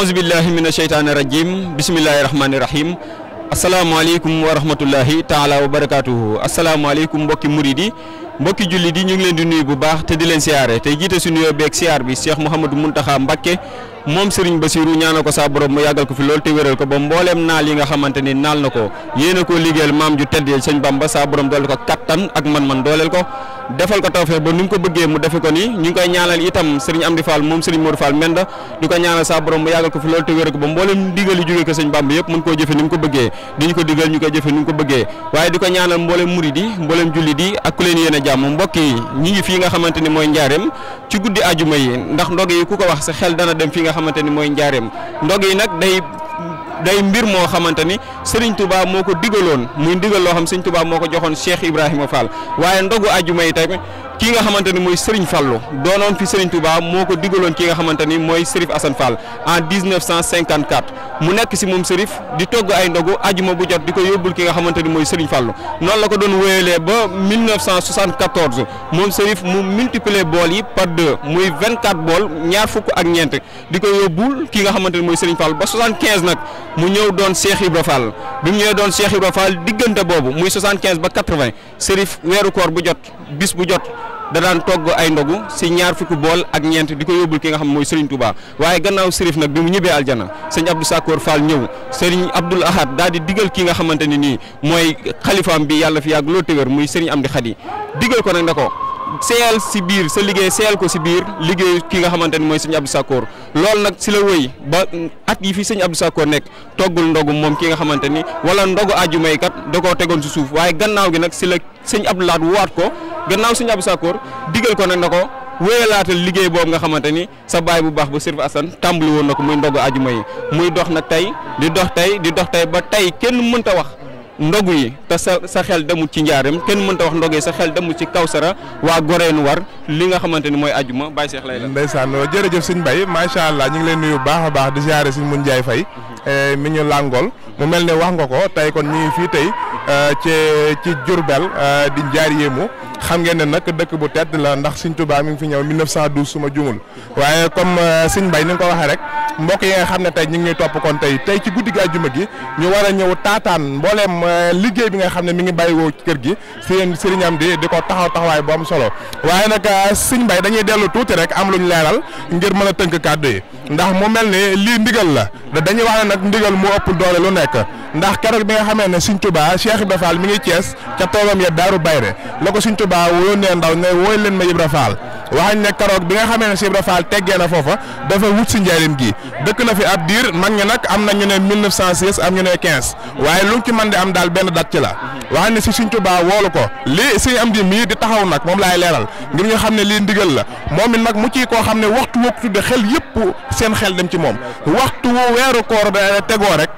aousubillahi min asheytaani rajim bisimillahi rahmaani rahim asalaamaaleykum wa rahmatullahi taala wa barakaatuhu asalaamaaleykum mbokki murid yi mbokki jullit yi ñu ngi leen di nuyu bu baax te di leen siyaare tey jiite suñu yoo beeg siyaar bi Cheikh Mouhamadou Mountakha Mbacké moom Serigne Bassirou ñaanal ko saa borom mu yàggal ko fi lool te wéral ko ba mbooleem naal yi nga xamante ni naal na ko yéen a koo liggéeyal maam ju tedd Sëñ Bamba saa borom dooleel ko kattan ak man-man dooleel ko defal ko tawfeex ba nu mu ko bëggee mu defe ko ni ñu koy ñaanal itam sëriñ Amdi Fall moom sëriñ Modou Fall Menda di ko ñaanal saa borom mu yàggal ko fi loolu te wér ko ba mboolem digal yu jógee ko sëñ Bamba yëpp mën koo jëfe ni mu ko bëggee di ñu ko digal ñu koy jëfe ni mu ko bëggee waaye di ko ñaanal mboolem murid yi mboolem jullit yi ak ku leen yéen jàmm mbokk yi ngi fii nga xamante ni mooy njaareem ci guddi ajuma yi ndax ndog yi ku ko wax sa mooy njaareem day mbir moo xamante ni Serigne Touba moo ko digaloon muy digal loo xam Serigne Touba moo ko joxoon Cheikh Ibrahima Fall waaye ndogu ajuma yi tamit kii nga xamante ni mooy Serigne Fallou doonoon fi Serigne Touba moo ko digaloon ki nga xamante ni mooy Serif Assane Fall en 1954 mu nekk si moom Serif di togg ay ndogu ajuma bu jot di ko yóbbul ki nga xamante ni mooy Serigne Fallou noonu la ko doon wéyalee ba 1974 moom Serif mu multiplier bool yi par deux muy 24 bool ñaar fukk ak ñeent di ko yóbbul ki nga xamante ni mooy Serigne Fallou ba 75 nag mu ñëw doon Cheikh Ibra Fall bi mu ñëwee doon Cheikh Ibra Fall diggante boobu muy 75 ba 80 Serif weeru koor bu jot bis bu jot. da daan togg ay ndogu si ñaar fukk bool ak ñeent di ko yóbbul ki nga xam mooy Serigne Touba waaye gannaaw sërif nag bi mu ñibbee aljana sëñ Abdou Sakkoor Fall ñëw sëriñ Abdoul Ahad daal di digal ki nga xamante ni nii mooy xalifaam bi yàlla fi yàgg loo tëgër muy Serigne Amdi Khadi digal ko nag na ko seyal si biir sa liggéey seyal ko si biir liggéey ki nga xamante ni mooy sëñ Abdou Sakkoor loolu nag si la wëy ba at yi fi sëñ Abdou Sakkoor nekk toggul ndogu moom ki nga xamante ni wala ndogu aju may kat da koo tegoon si suuf waaye gannaaw gi nag si la sëñ Abdou Lahad at ko gannaaw suñu Abdou Sakkoor digal ko nag na ko wéyalaatal liggéey boobu nga xamante ni sa baay bu baax ba Sëriñ Asan tàmbali woon na ko muy ndogu ajuma yi muy dox na tey di dox tey di dox tey ba tey kenn mënta wax ndogu yi te sa sa xel demul ci njaaram kenn mënta wax ndogu yi sa xel demul ci kawsara waa goreenu war li nga xamante ni mooy ajuma Baye Cheikh lay la. ndeysaan jërëjëf sëñ Baye macha allah ñu ngi leen nuyu baax a baax di ziare sëñ Mun jaay Fay eh, mi ñu làngool mel ne wax nga ko tey kon ñu fii tey eh, ci ci Jurbel eh, di njaar yéemu xam ngeen ne nag dëkk bu tedd la ndax Sëñ Tuubaa mi ngi fi ñëw 1912 su ma jumul waaye comme euh, Sëñ Mbay ni nga ko waxee rek mbokk yi nga xam ne tey ñu ngi ñuy topp kon tey tey ci guddi gi àjjuma gi ñu war a ñëw taataan mbooleem euh, liggéey bi nga xam ne mi ngi bàyyiwoo ci kër gi seen sëriñam di di ko taxaw taxawaay bu am solo waaye nag euh, Sëñ Mbay dañuy dellu tuuti rek am lu ñu leeral ngir mën a tënk kàddu yi ndax mu mel ni lii ndigal la dañuy wax ne nag ndigal moo ëpp doole lu ndax keroog bi nga xamee ne Sëñ Tuubaa Cheikh Ibra Fall mi ngi Cees ca toogam ya Daaru Bayre la ko Touba wóon nee ndaw ne wooy leen ma Ibra Fall waxañ ne karoog bi nga xamee ne Cheikh Ibra Fall teggee na foofa dafa wut si njaarim gi dëkk na fi ab diir mag ñi nag am na ñu ne 1906 am ñu ne 15 waaye lu mu ci mën di am daal benn date ci la waxañ ne si Sëriñ Tuubaa woolu ko lii si am di mii di taxaw nag moom laay leeral ngir ñu xam ne lii ndigal la moom it nag mu ci koo xam ne waxtu woo ko tudde xel yëpp seen xel dem ci moom waxtu woo weeru koor tegoo rek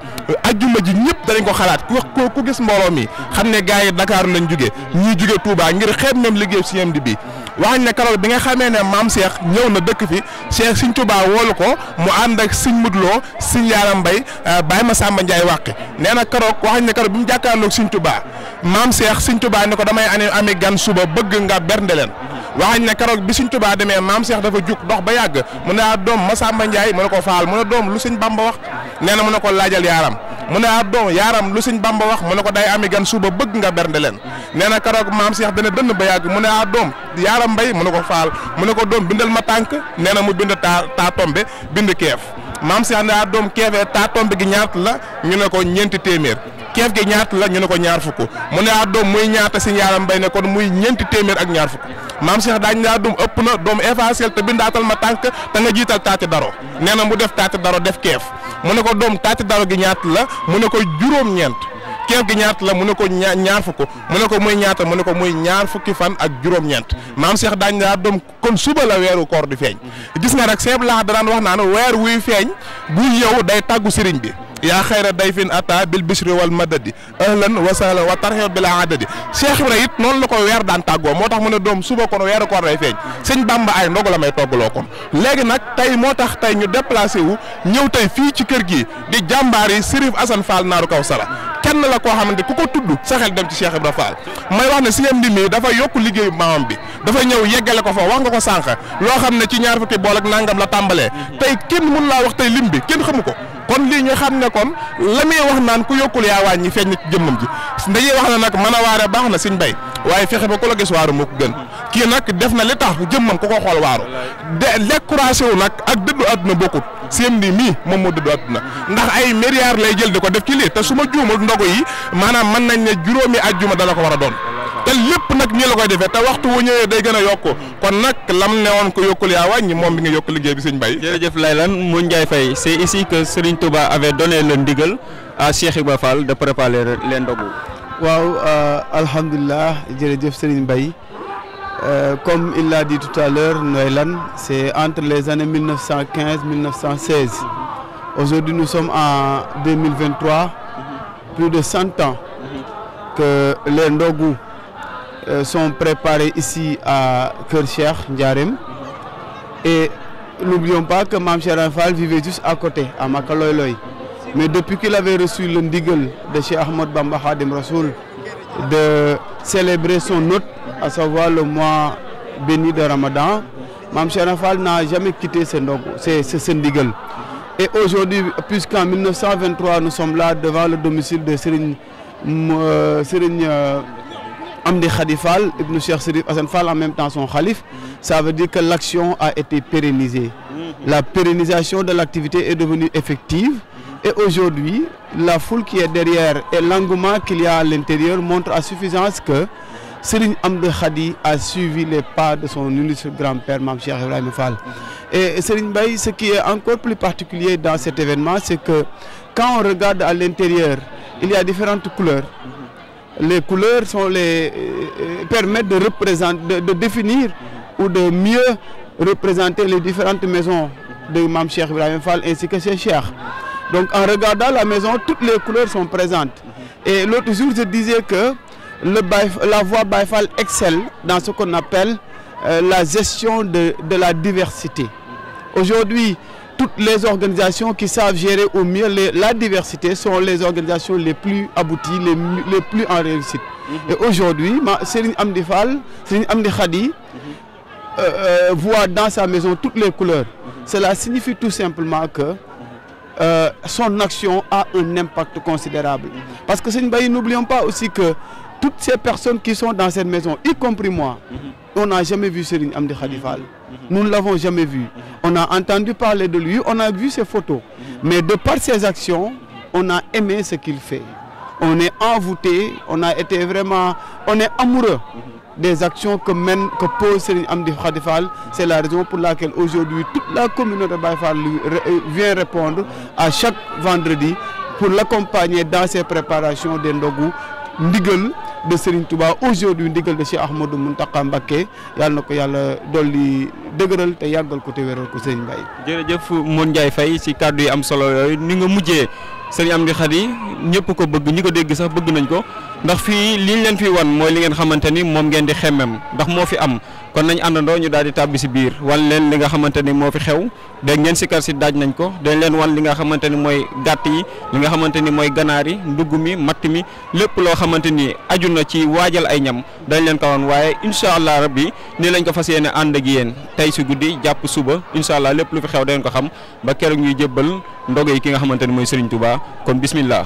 ajjuma ji ñëpp danañ ko xalaat ku ku gis mbooloo mi xam ne gars yi Dakar lañ jóge ñii jóge Touba ngir xeeb même liggéey si am di bi wax na keroog bi nga xamee ne maam Cheikh ñëw na dëkk fi Cheikh Sëñ Tuubaa woolu ko mu ànd ak Sëñ Mudloo Sëñ Yaaram Mbay euh, Baay Masamba Njaay wàqi nee na keroog wax ne keroog bi mu jàkkaarloog Sëñ Tuubaa maam Cheikh Sëñ Tuubaa ne ko damay ane ami gan suba bëgg nga bernde leen waxañ na keroog bi Sëñ Tuubaa demee maam seex dafa jug dox ba yàgg mu ne ah doom Masamba Njaay mu ne ko faal mu ne doom lu Sëñ Bamba wax nee na mu ne ko laajal yaaram mu ne ah bon yaaram lu sëñ Bamba wax mu ne ko day ami gan suba bëgg nga bernde leen nee na karoog maam Cheikh dana dënn ba yàgg mu ne ah doom yaaram mbay mu ne ko faal mu ne ko doom bindal ma tànk nee na mu bind taa taa tombe bind keef maam Cheikh ne a ah doom keefee taa tombe gi ñaata la ñu ne ko ñeenti téeméer keef gi ñaata la ñu ne ko ñaar fukk mu ne ah doom muy ñaata si yaaram mbay ne kon muy ñeenti téeméer ak ñaar fukk maam Cheikh daañu ne ah doom ëpp na doom effacel te bindaatal ma tànk te nga jiital taati daro nee na mu def taati daro def keef mu ne ko doom taati daro gi ñaat la mu ne ko juróom-ñeent keef gi ñaata la mu ne ko ñaar ñaar fukk mu ne ko muy ñaata mu ne ko muy ñaar fukki fan ak juróom-ñeent maam Cheikh daañu daa doom kon suba la weeru koor di feeñ gis nga rek seeb laa daan wax naan weer wuy feeñ bu yow day tàggu sëriñ bi yaa xayra dayfin ata bil bisri wal madadi ahlan wa sahlan wa tarxib bila adadi Cheikh it noonu la ko weer daan tàggoo moo tax mu ne doom suba kon weeru koor day feeñ sëñ Bamba ay ndogu la may toggaloo kon léegi nag tey moo tax tey ñu déplacé wu ñëw tey fii ci kër gi di jàmbaar yi Sërif Assane Fall naaru kaw sala kenn la koo xamante ku ko tudd sa xel dem ci Cheikh Ibra may wax ne sëñ bi mii dafa yokk liggéeyu maamam bi dafa ñëw yeggale ko fa wax nga ko sànq loo xam ne ci ñaar fukki bool ak nangam tàmbalee tey kenn mun naa wax tey lim bi kenn xamu ko kon lii ñu xam ne kon la muy wax naan ku yokkul yaa wàññi feeñ na ci jëmmam ji dañuy wax na nag mën a waare baax na siñ bay waaye fexe ba ku la gis waaru moo ko gën kii nag def na li tax jëmmam ku ko xool waaru de découragé wu nag ak dëddu àdduna bokkut seen di mii moom moo dëddu àdduna ndax ay milliards lay jël di ko def ci lii te su ma juumul ndogu yi maanaam mën nañ ne juróomi ajjuma dala ko war a doon lépp nag nii la koy defee te waxtu wu ñëwee day gën a yokku kon nag lam ne woon ko yokkul yaa wàññi moom mi nga yokk liggéey bi sëñ Bay jërëjëf Laylane Modou Ndiaye Faye c'est si que Serigne Touba avait donné le ndigal à Cheikh Ibrahima Fall de préparer les ndogu waaw euh, alhamdulilah jërëjëf Serigne Bay euh, comme il l'a dit tout à l'heure Noëlan c'est entre les années cent 1916 aujourd'hui nous sommes en 2023 plus de 100 ans que les ndogu Euh, sont préparés ici à Kershech, Ndiarem. Et n'oublions pas que Mam Fall vivait juste à côté, à Makaloyloy. Mais depuis qu'il avait reçu le ndigel de chez Ahmed Bamba Hadim Rasoul de célébrer son hôte, à savoir le mois béni de Ramadan, Mam Fall n'a jamais quitté ce ndigel. Et aujourd'hui, puisqu'en 1923, nous devant le domicile de Serigne euh, euh, Amdi Khadi Fall, Ibn Cheikh Sirif Hassan Fall, en même temps son calife, mm-hmm. ça veut dire que l'action a été pérennisée. Mm-hmm. La pérennisation de l'activité est devenue effective. Mm-hmm. Et aujourd'hui, la foule qui est derrière et l'engouement qu'il y a à à suffisance que Serigne Amdi Khadi a suivi les pas de son illustre grand-père, Mam Cheikh Ibrahim Fall. Et Serigne Baye, ce qui est encore plus particulier dans cet événement, c'est que quand on regarde à l'intérieur, il y a différentes couleurs. les couleurs sont les euh, euh permettent de représenter de, de définir mhm. ou de mieux représenter les différentes maisons de Mam Cheikh Ibrahim Fall ainsi que ses cheikhs. Donc en regardant la maison, toutes les couleurs sont présentes. Mhm. Et l'autre jour, je disais que le Baïf, la voie Baïfal excelle dans ce qu'on appelle euh, la gestion de, de la diversité. Mhm. Aujourd'hui, toutes les organisations qui savent gérer au mieux les, la diversité sont les organisations les plus abouties, les, les plus en réussite. Mmh. Et aujourd'hui, Serigne Amdi Fall, Serigne Amdi Khadi, mmh. euh, euh dans sa maison toutes les couleurs. Mmh. Cela signifie tout simplement que euh, son action a un impact considérable. Mhm. Parce que Serigne Baye, n'oublions pas aussi que toutes ces personnes qui sont dans cette maison, y compris moi, mhm. on n'a jamais vu Serigne Amdi Khadifal. Nous ne l'avons jamais vu. On a entendu parler de lui, on a vu ses photos. Mais de par ses actions, on a aimé ce qu'il fait. On est envoûté, on a été vraiment, on est amoureux des actions que mène, que pose Serigne Amdi Khadifal. C'est la raison pour laquelle aujourd'hui toute la communauté Baïfal euh, vient répondre à chaque vendredi pour l'accompagner dans ses préparations des ndogu, ndigal de Serigne Touba aujourd'hui ndigal si Cheikh Ahmadou Mountakha Mbacké yàlla na ko yàlla dolli dëgëral te yàggal ko te wéral ko Serigne Mbaye. jërëjëf Modou Ndiaye Faye ci kàddu yi am solo yooyu ni nga mujjee Serigne Amdy Khady ñëpp ko bëgg ñu ko déggi sax bëgg nañ ko. ndax fii liñ leen fi wan mooy li ngeen xamante ni moom ngeen di xemmem ndax moo fi am kon nañ àndandoo ñu daal di tàbbi si biir wan leen li nga xamante ni moo fi xew dégg ngeen si kar si daaj nañ ko dañ leen wan li nga xamante ni mooy gàtt yi li nga xamante ni mooy ganaar yi ndugg mi matt mi lépp loo xamante ni aju na ci waajal ay ñam dañ leen ko wan waaye incha allah rabbi ni lañ ko fas yéene ànd ak yéen tey si guddi jàpp suba incha allah lépp lu fi xew dañ ko xam ba keroog ñuy jëbbal ndogo yi ki nga xamante ni mooy Serigne Touba kon bismillah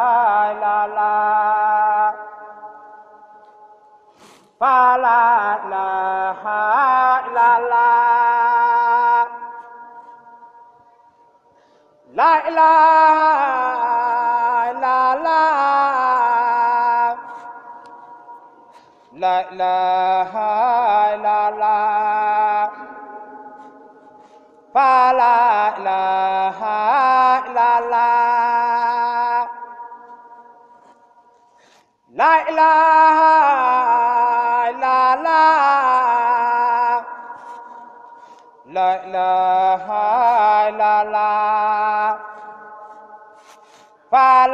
la ilaha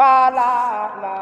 Fa la la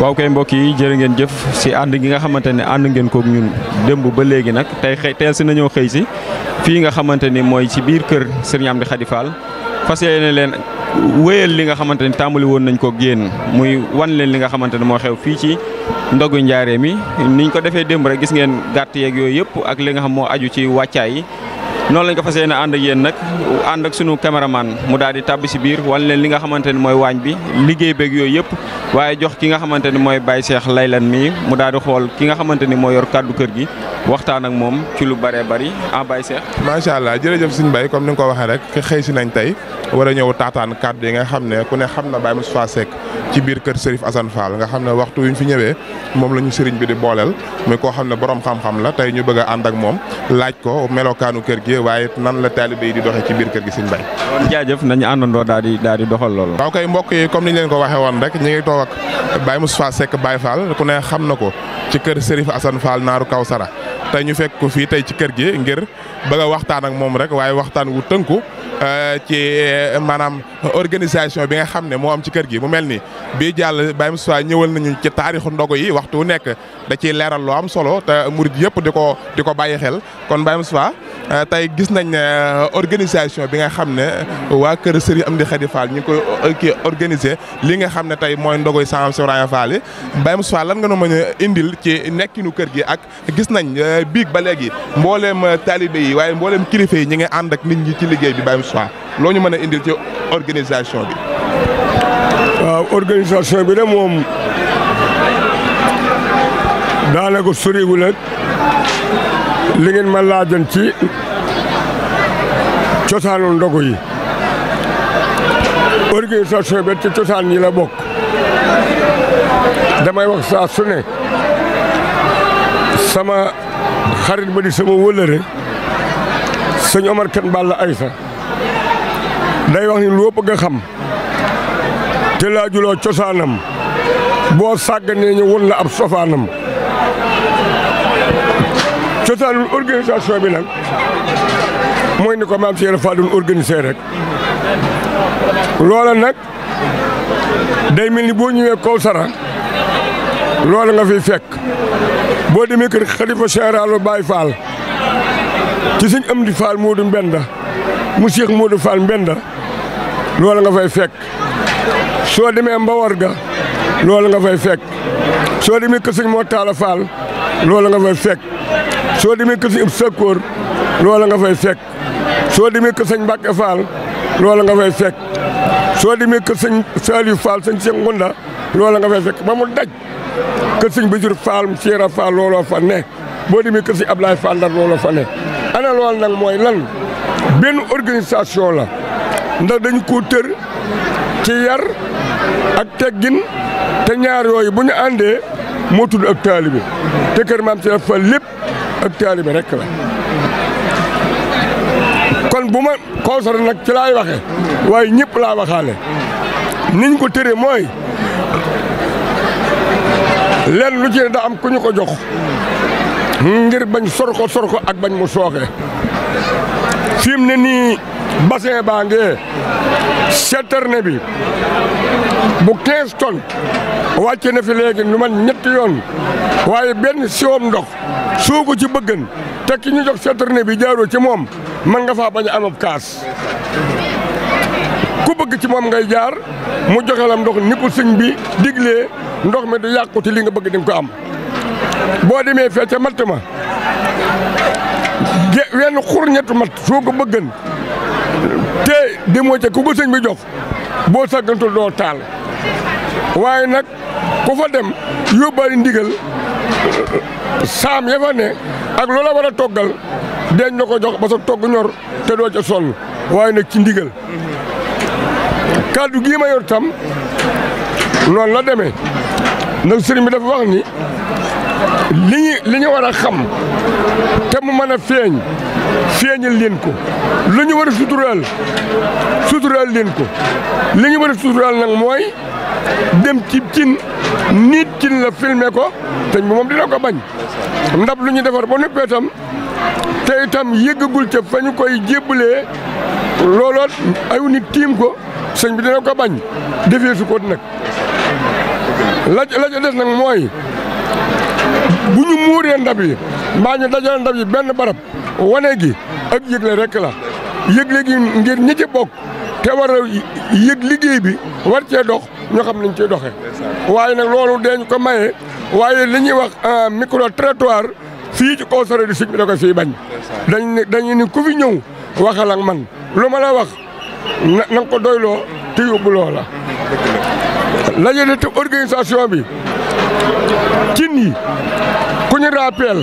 waaw kay mbokk yi jërë ngeen jëf si ànd gi nga xamante ne ànd ngeen kook ñun démb ba léegi nag tey xëy teel si nañoo xëy si fii nga xamante ni mooy ci biir kër Serigne Amdy Khady Fall fas yéene leen wéyal li nga xamante ni tàmbali woon nañ ko génn muy wan leen li nga xamante ne moo xew fii ci ndogu njaaree mi niñ ko defee démb rek gis ngeen gàtt yeeg yooyu yëpp ak li nga xam moo aju ci wàccaay yi noonu lañ ko fas yéene ànd ak yéen nag ànd ak sunu caméraman mu daal di tàbbi si biir wan leen li nga xamante ni mooy waañ bi liggéey beeg yooyu yëpp waaye jox ki nga xamante ni mooy Baye Cheikh Laylan mii mu daal di xool ki nga xamante ni moo yor kàddu kër gi waxtaan ak moom ci lu bëree bari ah Baye Cheikh. macha allah jërëjëf suñu bay comme ni nga ko waxee rek xëy si nañ tey war a ñëw taataan kàddu yi nga xam ne ku ne xam na Baye Moustapha Seck ci biir kër Serif Assane Fall nga xam ne waxtu wi ñu fi ñëwee moom la ñu sëriñ bi di booleel muy koo xam ne borom xam-xam la tey ñu bëgg a ànd ak moom laaj ko melokaanu kër gi waaye nan la taalibe yi di doxee ci biir kër gi suñu bay jaajëf nañu àndandoo daal di daal di doxal loolu. waaw kay mbokk yi comme ni ñu ko waxee woon rek ñu ngi toog ak Baye Moustapha Seck Baye Fall ku ne xam na ko ci kër Serif Assane Fall naaru Kawsara tey ñu fekk ko fii tey ci kër gi ngir bëgg a waxtaan ak moom rek waaye waxtaan wu tënku Euh, ci euh, maanaam organisation bi nga xam ne moo am ci kër gi mu mel ni bii jàll Baye Moussa ñëwal nañu ci taarixu ndogo yi waxtu wu nekk da ciy leeral lu am solo te murid yëpp di ko di ko bàyyi xel kon Baye Moussa euh, tey gis nañ ne organisation bi nga xam ne waa kër Serigne Amdy Khady Fall ñu ngi koy kii organiser li nga xam ne tey mooy ndogoy Sam Ibrahima Fall yi Baye Moussa lan nga no ma a indil ci nekkinu kër gi ak gis nañ biig ba léegi mbooleem taalibe yi waaye mbooleem kilifa yi ñi ngi ànd ak nit ñi ci liggéey bi soit loo ñu mën a indil ci organisation waaw organisation bi de moom daanaka soriwul la li ngeen ma laajoon ci cosaanu ndogu yi organisation bi ci cosaan yi la bokk damay wax saa sama xarit ba di sama wëllëre sëñ Omar Kan Balla Aysa day wax ni loo bëgg xam te laajuloo cosaanam boo sàgganee ñu won ab sofaanam cosaanul organisation bi nag mooy ni ko maam Cheikh Fall doon organiser rek loola nag day mel ni boo ñëwee Kawsara loola nga fiy fekk boo demee kër xalifa généralu Baye Fall ci sëñ Amdi Fall mbenn Mbenda mu Cheikh Modou mbenn Mbenda loolu nga fay fekk soo demee Mbawar ga loolu nga fay fekk soo demee Kër Sëñ Mor Talla Fall loolu nga fay fekk soo demee Kër Sëñ Ibou Sakkoor loolu nga fay fekk soo demee Kër Sëñ Mbacke Fall loolu nga fay fekk soo Sëñ Saliou Fall Sëñ Cheikh Ngunda loolu nga fay fekk ba mu daj Kër Sëñ Bajir Fall Cheikh Fall fa ne boo demee Kër Sëñ Ablaye Fall Ndar looloo fa ne ana loolu nag mooy lan benn organisation la. ndax dañu ko tër ci yar ak teggin te ñaar yooyu bu ñu àndee moo tudd ak taalibe te kër maam Cheikh Fall lépp ak taalibe rek la kon bu ma Kawsara nag ci laay waxe waaye ñëpp laa waxaale niñ ko tëre mooy leen lu ci ne daa am ku ñu ko jox ngir bañ sor sorko ak bañ mu sooxe fi ne nii bassin baa ngee citerne bi bu 15 tonnes wàcc na fi léegi lu man ñetti yoon waaye benn siwoom ndox soo ko ci bëggën te ki ñu jox citerne bi jaaroo ci moom mën nga faa bañ a kaas ku bëgg ci moom ngay jaar mu joxe ndox ni ko bi diglee ndox mi du yàquti li nga bëgg di ko am boo demee fee ca matt ma wenn xur ñetti matt soo ko te di moo ca ku ko bi jox boo sàggantul doo taal waaye nag ku fa dem yóbbaale ndigal saam ya ak ne ak war a toggal deñ na ko jox ba sa togg ñor te doo ca sonn waaye nag ci ndigal kàddu gii ma yor tam noonu la deme ndax sëriñ bi dafa wax ni li ñu li ñu war a xam te mu man a feeñ feeñal leen ko lu ñu war a suturaal suturaal leen ko li ñu war a suturaal nag mooy dem ci cin nit cin la filmer ko te moom dina ko bañ ndab lu ñu defar ba noppee itam te itam yëggagul ca fa ñu koy jébbalee looloot ayu nit tiim ko sëñ bi dina ko bañ defee su ko nag la la des nag mooy bu ñu muuree ndab yi mbaa ñu dajale ndab yi benn barab wane gi ak yëgle rek la yëgle gi ngir ñi ci bokk te war a liggéey bi war cee dox ñu xam nañ ciy doxe waaye nag loolu deeñ ko maye waaye li ñuy wax euh, micro trottoir fii ci kaw sare di suñ bi da fii bañ dañ ne ni ku fi ñëw waxal ak man lu ma la wax na ko doyloo te yóbbu loola la organisation bi cin yi ku ñu rappel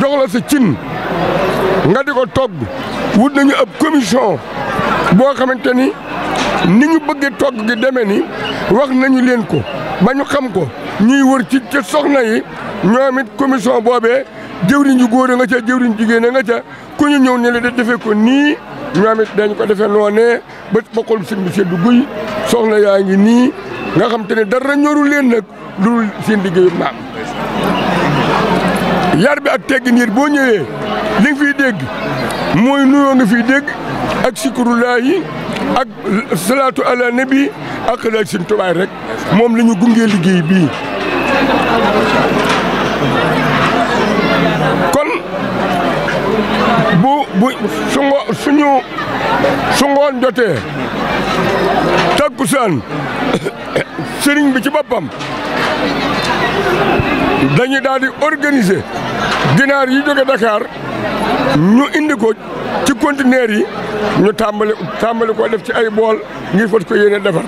jox sa cin nga di ko togg wut nañu ab commission boo xamante ni ni ñu bëggee togg gi demee ni wax nañu leen ko ba ñu xam ko ñuy wër ci ca soxna yi ñoomit it boobe boobee jëwriñ ju nga ca jëwriñ jigéen nga ca ku ñu ñëw ni la da defee ko nii ñoom it dañ ko defee noonee ba bokkul sëñ bi seddu guy soxna yaa ngi nii nga xam te ne dara ñorul leen nag lu dul seen liggéeyu yar bi ak teggi niir boo ñëwee li nga fiy dégg mooy nuyoo nga fiy dégg ak sikurulaayi ak salaatu ala nabi ak xalaat seen rek moom la ñu gungee liggéey bii kon bu bu sungo suñu sungoon jotee takkusaan sëriñ bi ci boppam dañu daal di organiser ginaar yi jóge Dakar ñu indi ko ci conteneur yi ñu tàmbali tàmbali ko def ci ay bool ngir fot ko yéene defar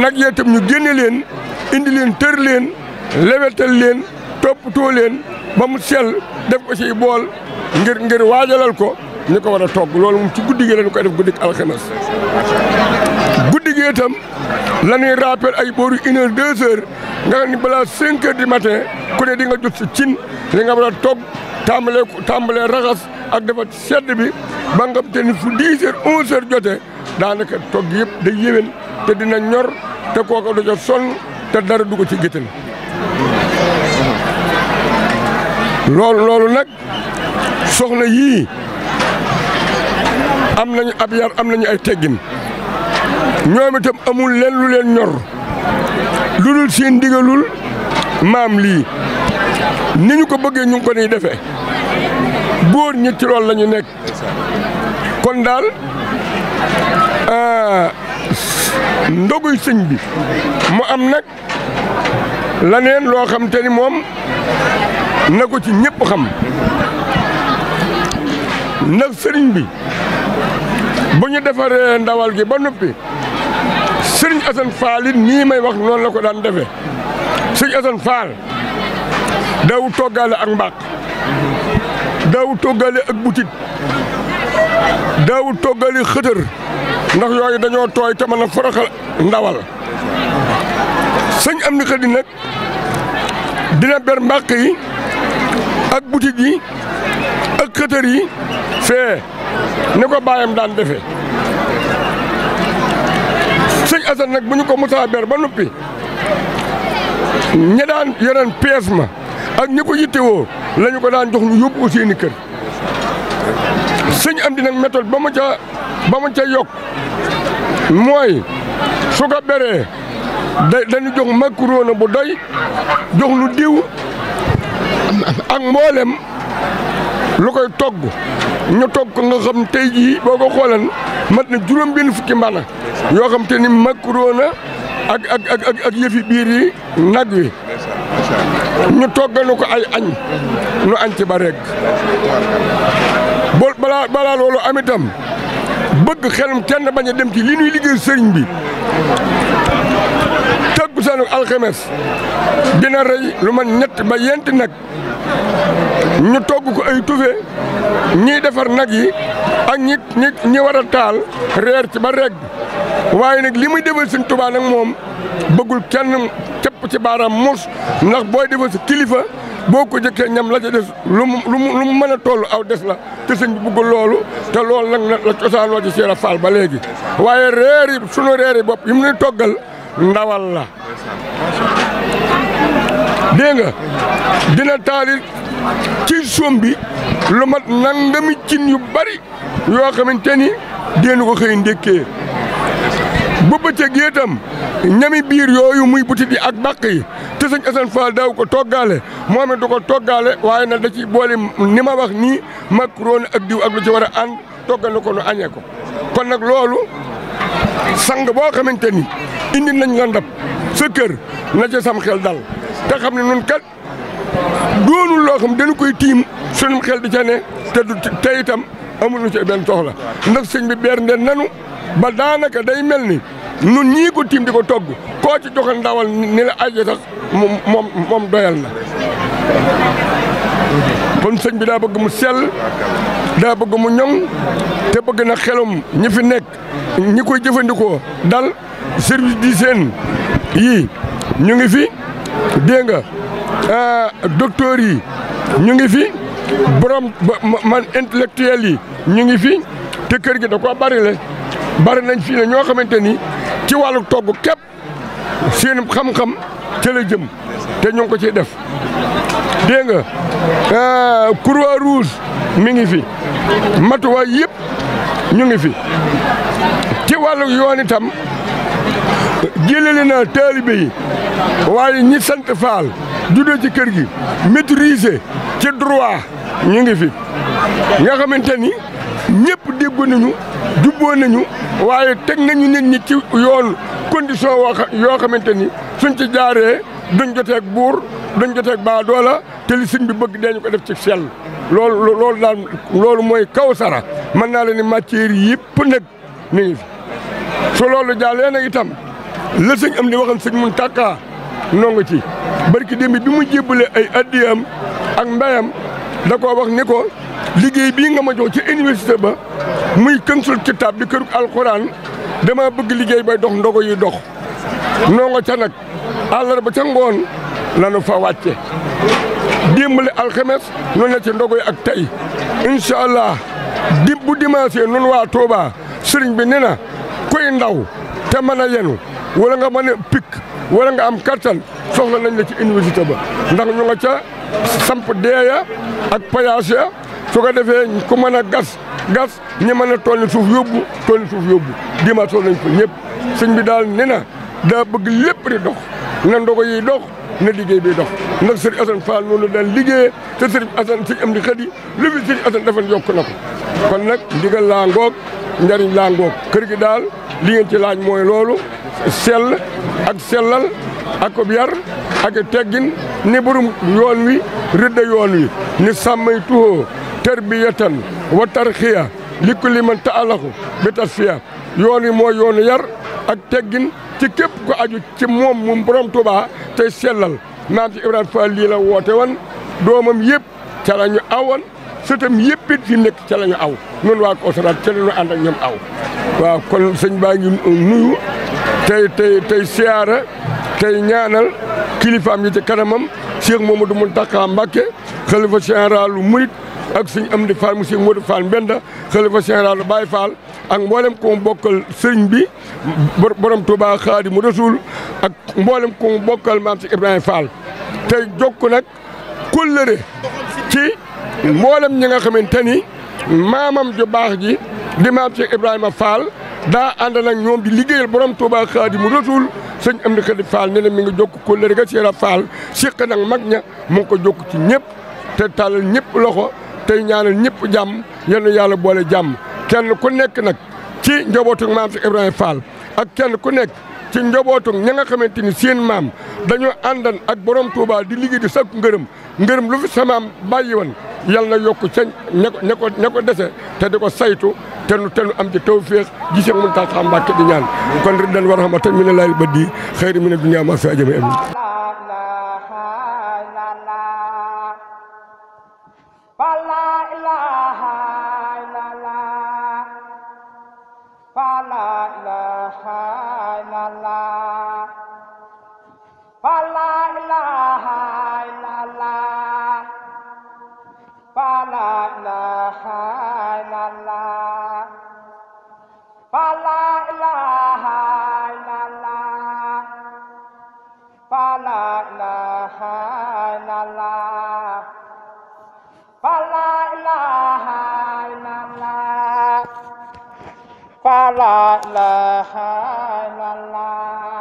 nag yee tam ñu génne leen indi leen tër leen lewetal leen toppatoo leen ba mu sell def ko ci bool ngir ngir waajalal ko ñu ko war a togg loolu moom ci guddi ko lañu koy def guddi alxames liggéey itam la ñuy ay booru une heure deux ni balaa cinq heures du matin di nga jot si cin li nga war a togg tàmbalee raxas ak dafa sedd bi ba nga te ni daanaka togg yëpp day yéwén te dina ñor te kooka du ca te dara du ci géttan loolu loolu nag soxna yii am nañu ab yar am nañu ay teggin ñoom tam amul leen lu leen ñor lu dul siin digalul maam lii ni ñu ko bëggee ñu ngi ko nii defe góor ñi ci loolu nekk kon daal ah, ndoguy sëñ bi mu am nag laneen loo xam te ni moom na ko ci ñépp xam ndax sëriñ bi bu ñu defaree ndawal gi ba noppi sëriñ Assane Fall it nii may wax noonu la ko daan defee sëriñ Assane Fall daawu toggaale ak mbaq daawu toggaale ak butit daawu toggaale xëtër ndax yooyu dañoo tooy te mën a faraxal ndawal sëñ am ni xëdi nag dina ber mbàq yi ak butit yi ak xëtër yi fee ni ko baayam daan defe sëñ nag bu ñu ko musaa ber ba noppi ñi daan yoren pièce ma ak ñi ko yittewoo la ko daan jox ñu yóbbu ko kër sëñ am di nag ba ma ca ba ma yokk mooy su ko beree da dañu jox macaroni bu doy jox lu diw ak mboolem lu koy togg ñu togg ko nga xam tey jii boo ko xoolan mat na juróom benn fukki mbana yoo xam te ni macaroni ak ak ak ak yëfi biir yi nag wi ñu togganu ko ay añ nu añ ci ba rekk boo balaa balaa loolu am itam bëgg xelum tenn bañ dem ci li ñuy liggéey sëriñ bi takkusaanu alxemes dina rey lu man ñett ba yent nag ñu togg ko ay tufe ñiy defar nag yi ak ñi ñi ñi war a taal reer ci ba waaye nag li muy defal Sëñ Tuubaa nag moom bëggul kenn tepp ci baaraam mus ndax booy defal si kilifa boo ko jëkkee ñam la ca des lu mu lu mu mën a toll aw des la te sëñ bi loolu te loolu nag la cosaanoo ci Seera Faal ba léegi waaye reer yi sunu reer bopp yi mu nuy toggal ndawal la dégg nga dina taalit ci soom bi lu mat nangami cin yu bari yoo xamante ni déenu ko xëy ndékkee bu bëccëgee itam ñami biir yooyu muy butit yi ak bàq yi te sëñ Assane daaw ko toggaale moom it du ko toggaale waaye nag da ci boole ni ma wax nii macaroni ak diw ak lu ci war a ànd toggal ko nu añee ko kon nag loolu sang boo xamante ni indi nañ la ndab sa kër na ca sam xel dal te xam ne nun kat doonul loo xam koy tiim sunum xel di ca ne te du te itam amuñu benn soxla ndax sëñ bi bernde nanu ba daanaka day mel ni nun ñii ko tiim di ko togg koo ci joxan ndawal ni la sax moom moom doyal na kon sëñ bi daa bëgg mu sel daa bëgg mu ñoŋ te bëgg na xelum ñi fi nekk ñi koy jëfandikoo dal service d'hygiène yi ñu ngi fi dégg nga euh, docteur yi ñu ngi fi borom man intellectuel yi ñu ngi fi te kër gi da ko bari le bari nañ fii ne ñoo xamante ni ci wàllu togg képp seen xam-xam ca jëm te ñu ngi ko ciy def dégg nga euh, Croix-Rouge mi ngi fi matuwaay yëpp ñu ngi fi ci wàllu yoon itam jëlale na taalibe yi waaye ñi sant faal juddoo ci kër gi maîtriser ci droit ñu ngi fi nga xamante ni ñëpp déggoo nañu jubboo nañu waaye teg nañu nit ñi ci yoon condition yoo xamante ni suñ ci jaaree duñ joteeg buur duñ joteeg doola te li bi bëgg ñu ko def ci sell loolu loolu daal loolu mooy kawsara mën naa la ni matière yëpp nag mi ngi fi su loolu jàllee nag itam la sëñ am di waxam sëñ mu tàkkaa nonga ci barki démb bi mu jébbale ay addiyam ak mbayam da koo wax ni ko liggéey bii nga ma jox ci université ba muy kënsul kitaab di kërug alxuraan dama bëgg liggéey bay dox ndogo yu dox nonga ca nag ba ca ngoon lanu fa wàcce dimbali alxames noonu la ci ndogo yi ak tey incha allah di bu dimanche noonu waa Touba sëriñ bi nee koy ndaw te mën a yenu wala nga man a pik wala nga am kattan soxla nañ la ci université ba ndax ñu nga ca samp deeya ak payaas ya su ko defee ko mën a gas gas ñi mën a toll suuf yóbbu toll suuf yóbbu dimanche soxla nañ ko ñëpp sëñ bi daal nee na daa bëgg lépp di dox na ndogo yiy dox. na liggéey bi dox ndax sëriñ Assane Fall noonu daan liggéeyee te sëriñ Assane sëriñ Amdi Xadi lu fi sëriñ Assane defal yokk na ko kon nag ndigal laa ngoog njariñ laa ngoog kër gi daal li ngeen ci laaj mooy loolu sel ak sellal ak ab yar ak teggin ni borom yoon wi rëdda yoon wi ni sàmmay tuhoo tarbiyatan wa tarxiya li kulli man taalaxu bi tasfiya yoon wi mooy yoonu yar ak teggin ci képp ko aju ci moom moom borom Tuubaa tey sellal maam ci Ibrahima Fall lii la woote wan doomam yëpp ca la ñu awoon sëtam yëpp it fi ca la aw noonu waa Koosaraat ca la ñu ànd ñoom aw waaw kon sëñ baa ngi nuyu tey tey tey siyaara tey ñaanal kilifaam yi ci kanamam Cheikh Mamadou Mountakha Mbacké xalifa généralu murit ak sëñ Amdi Fall monsieur Modou Fall Mbenda xalifa général Baye Fall ak mboolem ko mu bokkal sëriñ bi borom Touba Xaadimu Rasuul ak mboolem ko mu bokkal maam si Ibrahima Fall tey jokk nag kóllëre ci mboolem ñi nga xamante ni maamam ju baax ji di maam si Ibrahima Fall daa ànd nag ñoom di liggéeyal borom Touba Xaadimu Rasuul sëñ Amdi Xadi Fall ne ne mi ngi jokk kóllëre ga Seera Fall siq nag mag ña mu ko jokk ci ñëpp te tàllal ñëpp loxo tey ñaanal ñëpp jàmm yenn na boole jàmm kenn ku nekk nag ci njobootu maam si Ibrahima Fall ak kenn ku nekk ci njobootu ña nga xamante ni seen maam dañoo àndan ak borom Touba di liggéey di sakku ngërëm ngërëm lu fi sa maam bàyyi woon yal na yokk ca ña ko ña ko dese te di ko saytu te nu te nu am ci tawfeex gisee mun tax Mbàkke di ñaan kon riddan wa rahmatan minallaahi ba di xayri mina dunya ma fi ajma'iin fa la ilaha illallah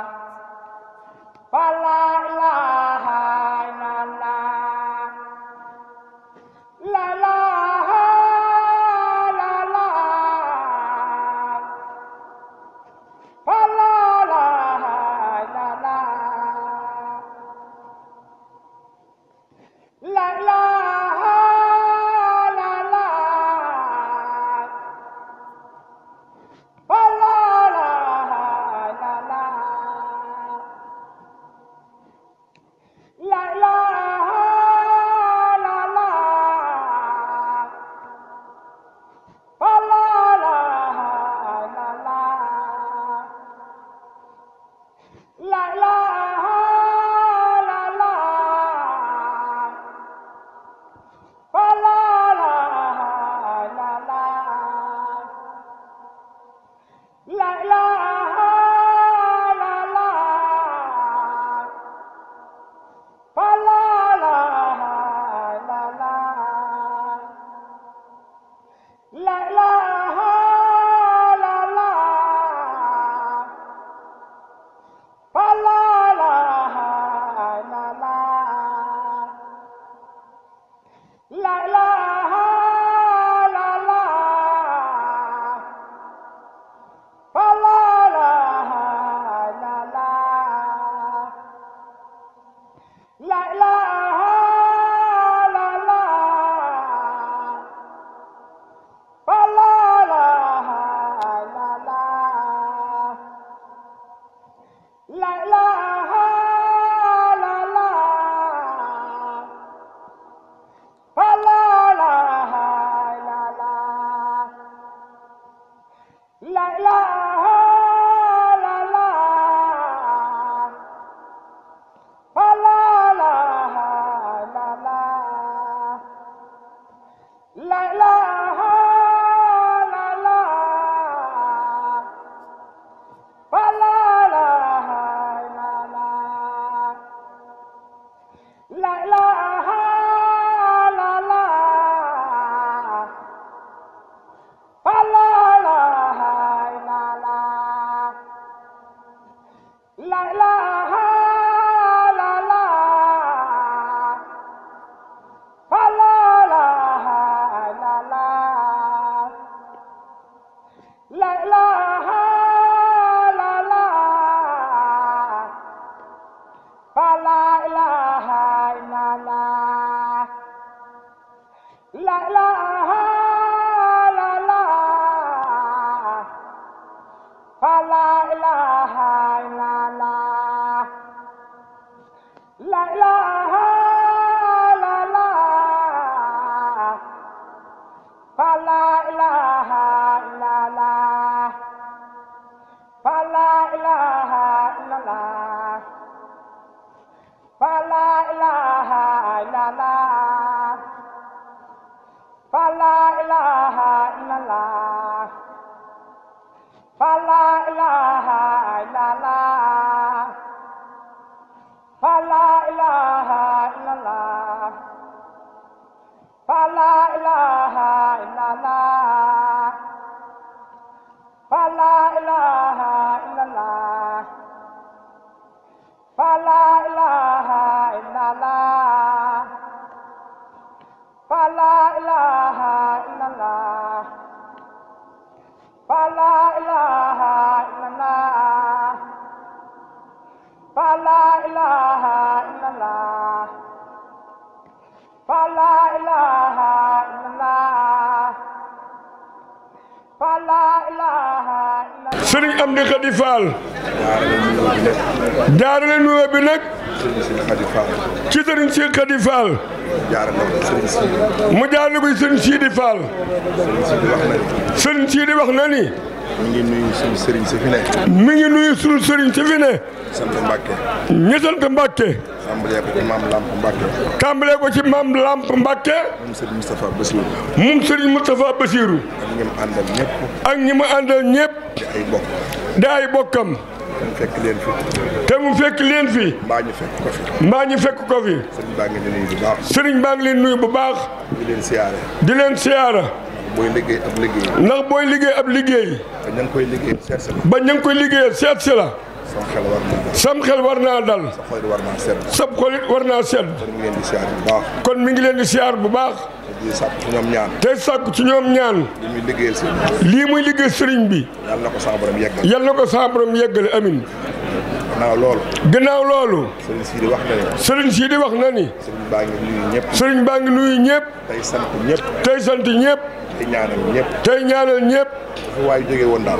Serigne Khady Fall jaarale nuyoo bi nag ci Serigne Cheikh Khady Fall mu jaarale ko Serigne Sidi Fall Serigne Sidi wax na ni mi ngi nuyu sunu sëriñ si fi ne. mi ngi nuyu sunu sëriñ si fi ne. sant Mbàkke. ñi sant Mbàkke. tàmbalee ko ci maam Lamp Mbàkke. tàmbalee ko ci maam Lamp Mbàkke. moom sëriñ Moustapha Bassirou. moom sëriñ Moustapha Bassirou. ak ñi mu àndal ñëpp. ak ñi mu àndal ñëpp. di ay bokk. da ay bokkam fekk leen fi. te mu fekk leen fi. mbaa ñu fekk ko fi. mbaa fekk ko fi. sëriñ baa ngi leen nuyu bu baax. ngi leen nuyu bu baax. di leen siyaara. di leen siyaara. booy liggéey ab liggéey. ndax booy liggéey ab liggéey. ba ña koy liggéey seet si la. ña ngi koy liggéey seet si la. sam xel war naa dal. sam xel war naa dal. sa xol it war sedd. sa xol it war naa sedd. kon mi ngi ngi leen di siyaar bu baax. di sàkk ci ñoom ñaan. tey sàkk ci ñoom ñaan. lii muy liggéeyal sëriñ bi. lii muy liggéey sëriñ yal na ko saa yeggale. na ko saa borom amin. gannaaw loolu. gannaaw loolu. sëriñ Sidi wax na ni. sëriñ wax na ni. sëriñ baa ngi nuyu ñëpp. sëriñ baa ngi nuyu ñëpp. tey sant ñëpp. tey sant ñëpp. tey ñaanal ñëpp. tey ñaanal ñëpp. fu fi waay jóge woon daal.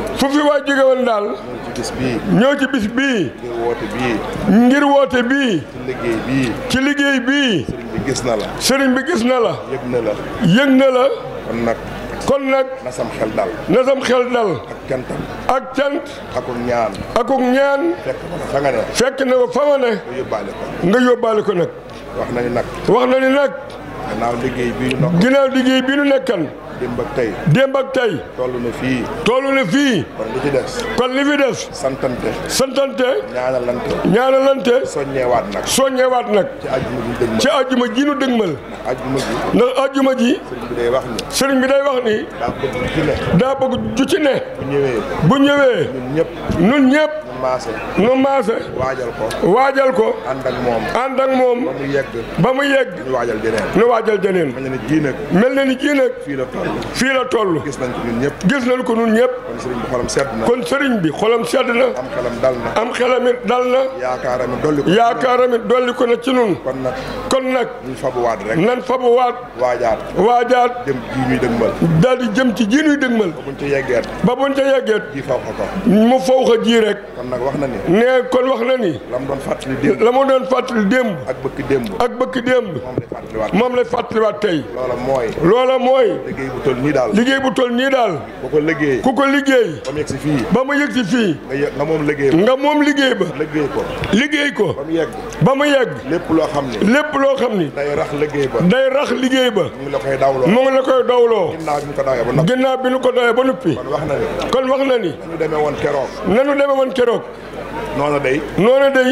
jóge woon daal. bis bii. ñëw ci bis bi ngir woote bi ngir woote bi ci liggéey bi ci liggéey bi gis na la. sëriñ bi gis na la. yëg na la. yëg na kon nag. kon nag. na sam xel dal. na sam xel dal. ak cantam. ak cant. akuk ñaan. akuk ñaan. fekk na ko fa nga ne. fekk na nga yóbbaale ko. nga yóbbaale ko nag. wax nañu nag. wax nañu nag. ginnaaw liggéey liggéey bii ñu nekkan. démb ak tey. démb ak tey. toll na fii. toll na fii. kon li fi des. kon li fi des. santante. santante. ñaanalante. ñaanalante. soññewaat nag. soññewaat nag. ci àjjuma ji nu dëgmal. ndax àjjuma ji. sëriñ bi day wax ni. bi day wax ni. daa bëgg ju ci ne. bu ñëwee. ñun ñëpp. ñun ñëpp. nu maase. waajal ko. waajal ko. ànd ak moom. ànd ak moom. ba mu yegg. ba mu yegg. nu waajal ja nu waajal mel na ni ji nag. fii la toll. gis nañ ko ñun ñëpp. gis nañ ko ñun ñëpp. kon sëriñ bi xolam sedd na. kon sëriñ bi xolam sedd na. am xelam dal na. am xelamit dal na. yaakaaramit dolli ko na ci nun kon nag kon nag. ñu fabuwaat rek. nan fabuwaat. waajaat waajaat. jëm ji ñuy dëgmal. daal di jëm ci ji ñuy dëgmal. ba buñ ca yeggee. ba buñ ca yeggee. ji faw ko ko. mu faw ko ji rek. kon nag wax na ni. nee kon wax na ni. la mu doon fàttali démb. la mu doon fàttali démb. ak bëkk démb. ak bëkk démb. moom lay fàttaliwaat tey. moom lay fàttaliwaat tey. loola mooy. loola mooy. bu toll nii liggéey bu toll nii daal ku ko liggéey ko liggéey ba mu yegg si fii ba mu yegg si fii nga moom liggéey ba nga moom liggéey ba liggéey ko liggéey ko ba mu yegg lépp loo xam ni lépp loo xam ni day rax liggéey ba day rax liggéey mu ngi la koy dawloo mu ngi la koy dawloo ginnaaw bi ñu ko dawee ba noppi kon wax na ni kon wax na ni nanu demee woon keroog nanu demee woon keroog noonu day noonu day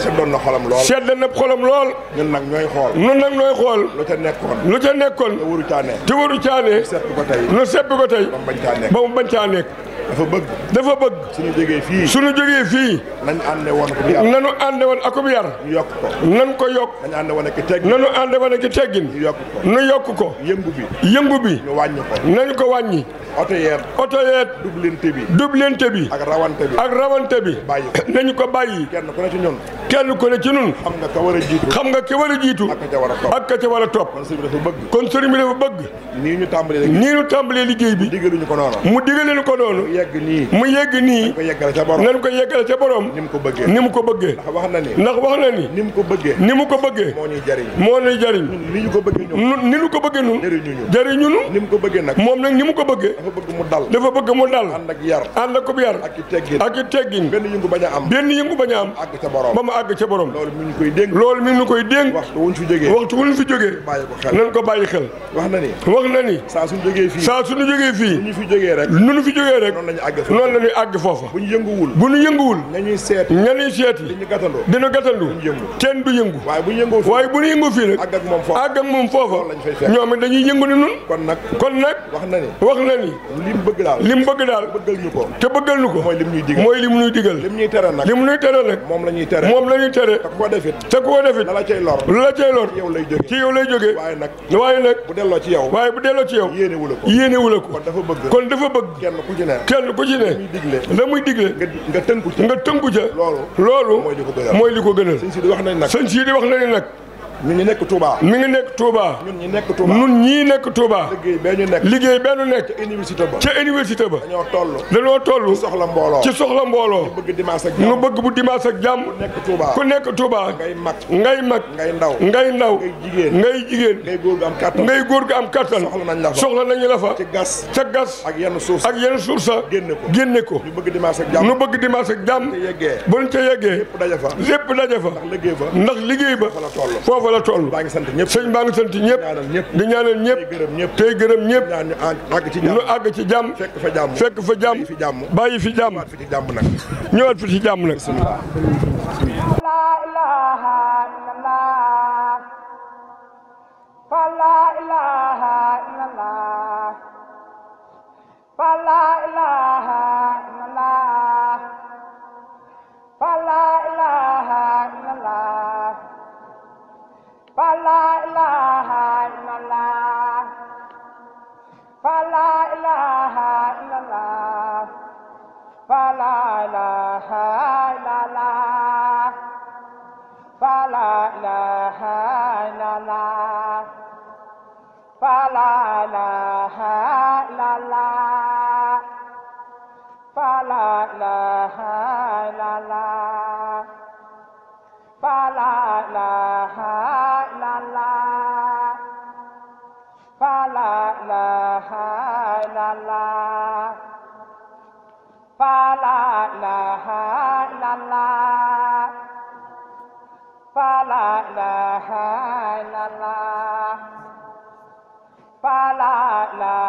seddoon na xolam lool sedd na xolam lool. ñun nag ñooy xool. ñun nag ñooy xool. lu ca nekkoon. lu ca nekkoon. te waru caa nekk. te waru caa nekk. seppi ko tey. lu seppi ko tey. ba mu bañ caa nekk ba mu bañ caa nekk. dafa bëgg. dafa bëgg. suñu jógee fii. suñu jógee fii. nañu ànde woon ak yar. nañu ànde woon ak yar. ñu yokk ko. nañu ko yokk. nañu ànde woon ak teggin. nañu ànde woon ak teggin. ñu yokk ko. ñu yokk ko. yëngu bi. yëngu bi. ñu wàññi ko. nañu ko wàññi. oto yeet. oto yeet. dublente bi. dublente bi. ak rawante bi. ak rawante bi. bàyyi ko nañu ko bàyyi. kenn ku ne ci ñun. kenn ku ne ci nun xam nga ka war a jiitu xam nga ki war a ak ka war a topp kon sëriñ bi dafa bëgg nii ñu tàmbalee liggéey bi digaluñu ko noonu mu digaleen ko noonu yegg nii mu yegg nii nan ko yeggale ca borom ni mu ko bëggee ndax wax na ni ndax ko bëggee ni jariñ moo moom nag ni mu ko bëggee dafa bëgg mu dal dafa ak yar yar ak i teggin benn yëngu bañ am benn yëngu bañ am àgg ca àgg ca borom. loolu mi ñu koy dénk loolu mi ñu koy waxtu wuñ fi fi jógee. nañ ko bàyyi xel. wax na ni saa suñu jógee jógee fii. nu nu fi jógee rek. noonu la ñuy àgg foofa bu ñu yënguwul bu seeti. dina gàttandu dina du yëngu. waaye bu ñu yëngu fii waaye àgg moom foofa àgg dañuy yëngu ni nun kon nag wax na ni lim bëgg daal te bëggal ñu ko. mooy lim ñuy digal lim ñuy tere nag moom la ñuy tere. te ku ko defit te ku ko defit la la cay lor ci yow lay jógee waaye nag waaye nag bu delloo ci yow waaye bu delloo ci yow yéene wula ko yéene ko kon dafa bëgg kon dafa bëgg kenn ku ci ne kenn ku ci ne la muy digle nga tënku ca nga tënku ca loolu loolu mooy li ko gënal sëñ si di wax nañ nag mi ngi nekk Touba. mi ngi nekk Touba. ñun ñi nekk Touba ñun ñii nekk Touba. liggéey bee ñu nekk liggéey bee ñu nekk. ca université ba ca université ba. dañoo toll. dañoo toll. ci soxla mbooloo ci soxla mbooloo. bëgg dimanche ak jàmm ñu bëgg bu dimanche ak jàmm. ku nekk Touba ku nekk Touba. ngay mag ngay mag. ngay ndaw ngay ndaw. ngay jigéen ngay jigéen. ngay góor gu am kattan ngay góor gu am kattan. soxla nañ la fa soxla nañu la fa. ca gas gas. ak yenn suuf ak yenn suuf sa. génne ko génne ko. ñu bëgg dimanche ak jàmm ñu bëgg dimanche ak jàmm. bu ñu ca yeggee lépp daje fa ndax liggéey ba foofu foofa la toll. baa ngi sant ñëpp sëñ baa ngi sant ñëpp. di ñaanal ñëpp tey gërëm ñëpp. ñu àgg ci jàmm fekk fa jàmm fekk fi jàmm ñëwaat fi ci jàmm nag. فلا إله إلا الله la la la la la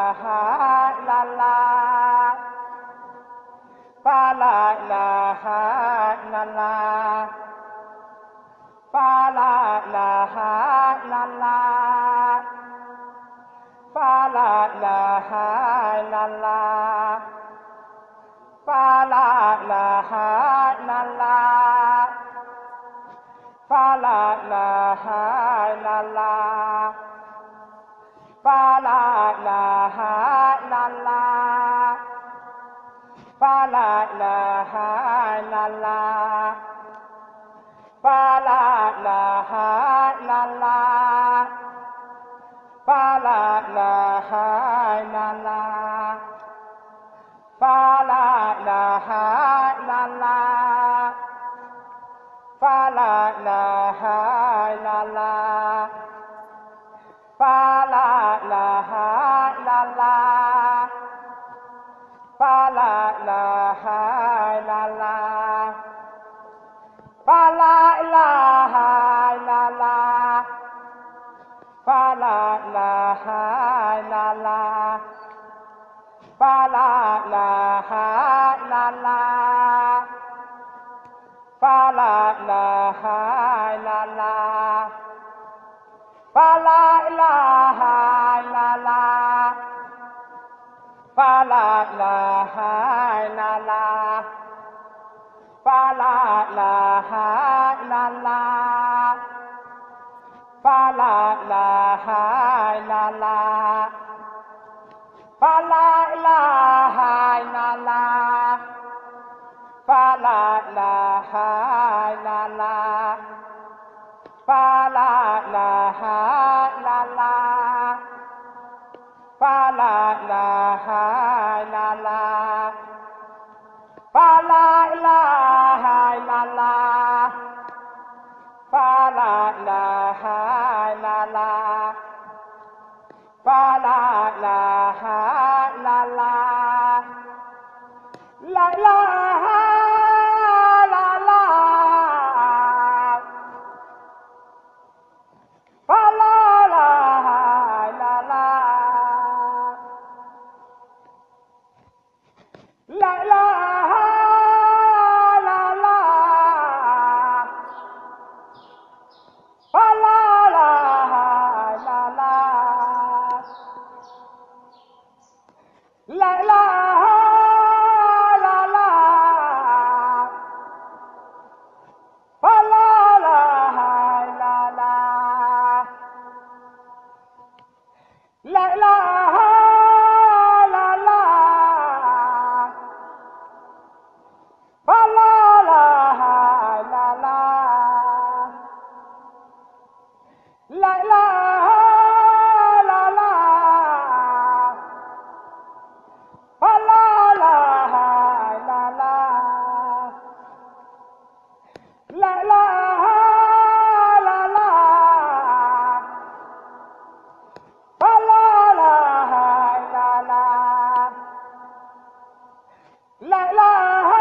إله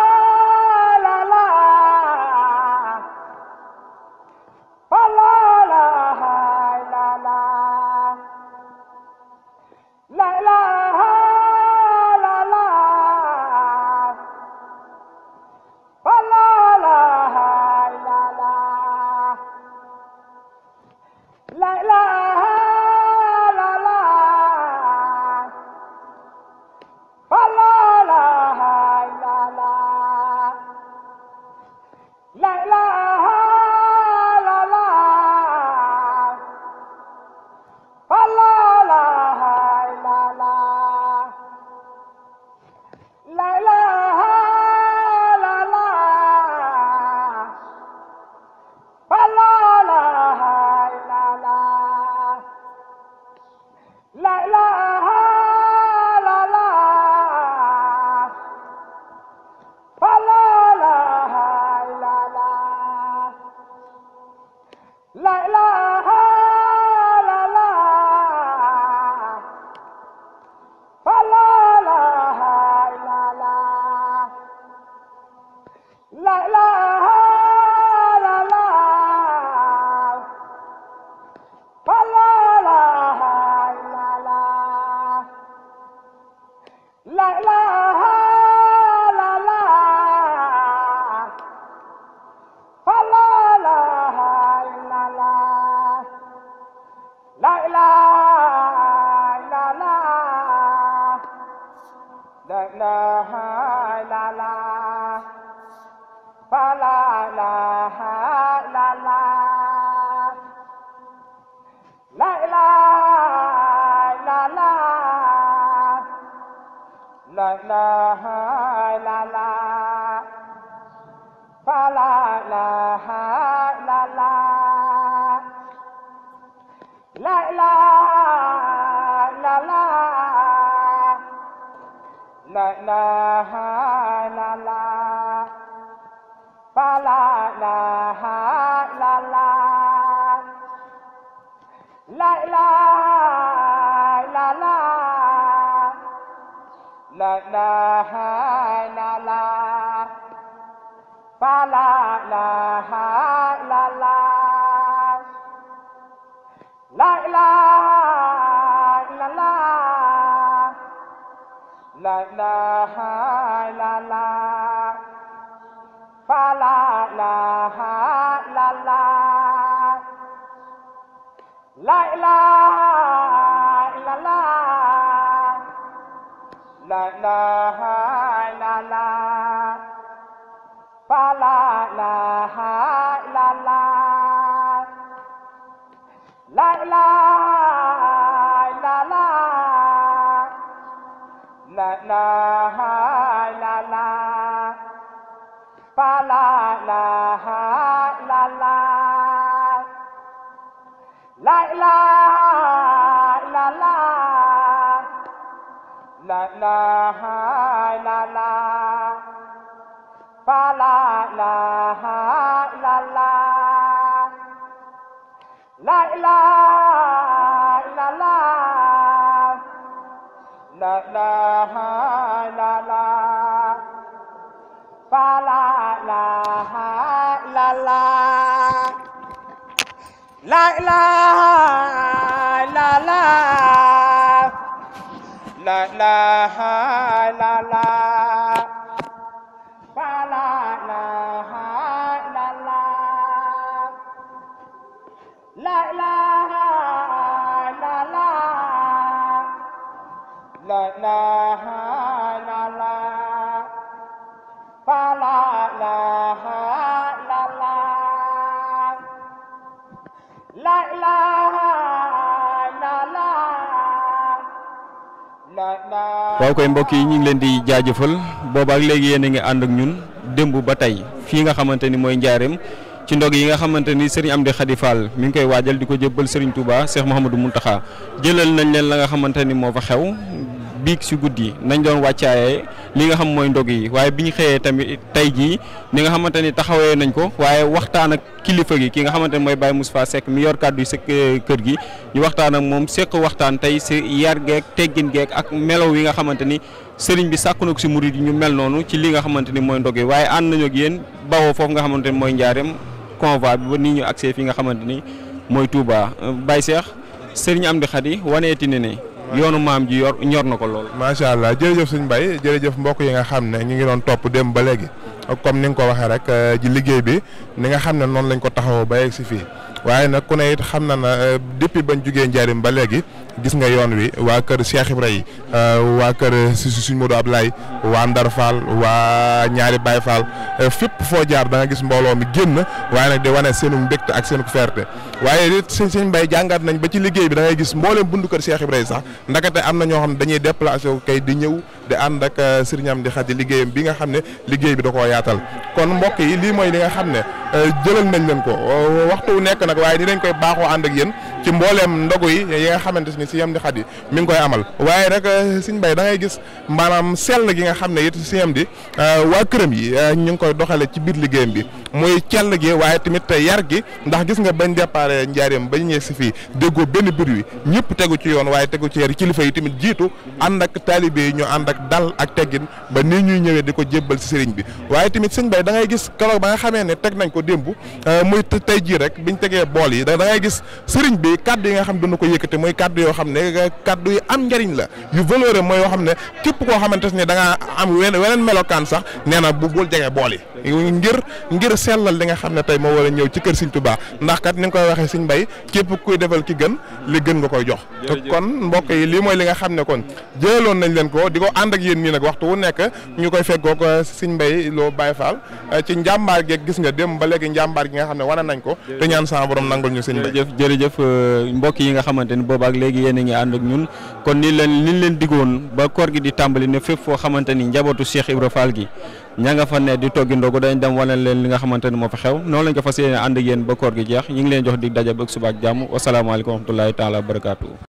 la la la waaw koy mbokk yi ñu ngi leen di jaajëfal boobaak léegi yéen a ngi ànd ak ñun démb ba tey fii nga xamante ni mooy njaareem ci ndog yi nga xamante ni sëriñ am Khady Fall mi ngi koy waajal di ko jébbal sëriñ Touba Cheikh Mouhamadou Mountakha jëlal nañ leen la nga xamante ni moo fa xew biig si guddi nañ doon wàccaaye li nga xam mooy ndog yi waaye bi ñu xëyee tamit tey jii ni nga xamante ni taxawee nañ ko waaye waxtaan ak kilifa gi ki nga xamante ni mooy Baye Moustapha Seck mi yor kàddu si eh, kër gi ñu waxtaan ak moom seq waxtaan tey si yar geeg teggin geeg ak melow yi nga xamante ni sëriñ bi sàkk na ko si murid yi ñu mel noonu ci li nga xamante ni mooy ndog yi waaye ànd nañu ak yéen bawoo foofu nga xamante ni mooy njaareem convoi bi ba nii ñu accès fi nga xamante ni mooy Touba Baye yoonu maam ji yor ñor na ko lool. macha allah jërëjëf sëñ mbay jërëjëf mbokk yi nga xam ne ñu ngi doon topp dem ba léegi comme ni nga ko waxee rek ji euh, liggéey bi ni nga xam ne noonu lañ ko taxawoo ba yegg si fii waaye nag ku ne it xam na na euh, depuis bañ jugee njaarim ba léegi gis nga yoon wi waa kër Cheikh Ibra yi euh, waa kër suñ Modou Ablaye waa Ndar Fall waa ñaari Baye Fall euh, fépp foo jaar da nga gis mbooloo mi génn waaye nag di wane seenu mbégte ak seenu fierté waaye it sëñ sëñ Mbaye jàngat nañ ba ci liggéey bi da gis mbooleem bundu kër Cheikh Ibra yi sax ndakate am na ñoo xam ne dañuy déplacé wu kay di ñëw di ànd ak euh, sëriñam di xati liggéeyam bi nga xam ne liggéey bi da koo yaatal kon mbokk yi lii mooy li nga xam ne jëlal nañ leen ko waxtu ci mbooleem ndogu yi yi nga xamante ni si yem di xat yi ngi koy amal waaye nag euh, Sëñ Bay dangay ngay gis maanaam sell gi nga xam ne it si yem di euh, waa këram yi euh, ñu ngi koy doxale ci biir liggéeyam bi mooy cell gi waaye tamit tey yar gi ndax gis nga bañ départ njaareem bañ ñeeg si fii déggoo benn bir wi ñëpp tegu ci yoon waaye tegu ci yar kilifa yi tamit jiitu ànd ak taalibe yi ñu ànd ak dal ak teggin ba ni ñuy ñëwee di ko jébbal si sëriñ bi waaye tamit sëñ bay da ngay gis keroog ba nga xamee ne teg nañ ko démb euh, muy tey jii rek biñ tegee bool yi da ngay gis sëriñ bi kaddu yi nga xam dina ko te muy kaddu yoo xam ne euh, kaddu yi am njariñ la yu valeur mooy yoo xam ne képp koo xamante ne da nga am weneen melokaan sax nee na bu bul jege bool ngir ngir sellal li nga xam ne tey moo war a ñëw ci kër Sëriñ Tuubaa ndax kat ni nga koy waxee Sëriñ Mbay képp kuy defal ki gën li gën nga koy jox kon mbokk yi lii mooy li nga xam ne kon jëloon nañ leen ko di ko ànd yéen ñi nag waxtu wu nekk ñu koy feggoo ko euh, Sëriñ Mbay loo Baay euh, ci njàmbaar geeg gis nga dem ba léegi njàmbaar gi nga xam ne wane nañ ko te ñaan borom nangul ñu Sëriñ Mbay jërëjëf jërëjëf euh, mbokk yi nga xamante ni boobaak léegi yéen a ngi ànd ak ñun kon ni leen liñ leen digoon ba koor gi di tàmbali ne fépp foo xamante ni njabootu Cheikh Ibra Fall gi ña nga fa ne di toggi ndogu dañ dem wane leen li nga xamante ni moo fa xew noonu lañ ko fas yéene ànd ak ba koor gi jeex ñu ngi leen jox di daje ba suba ak jàmm wasalaamaaleykum wa rahmatullahi taala wa barakaatu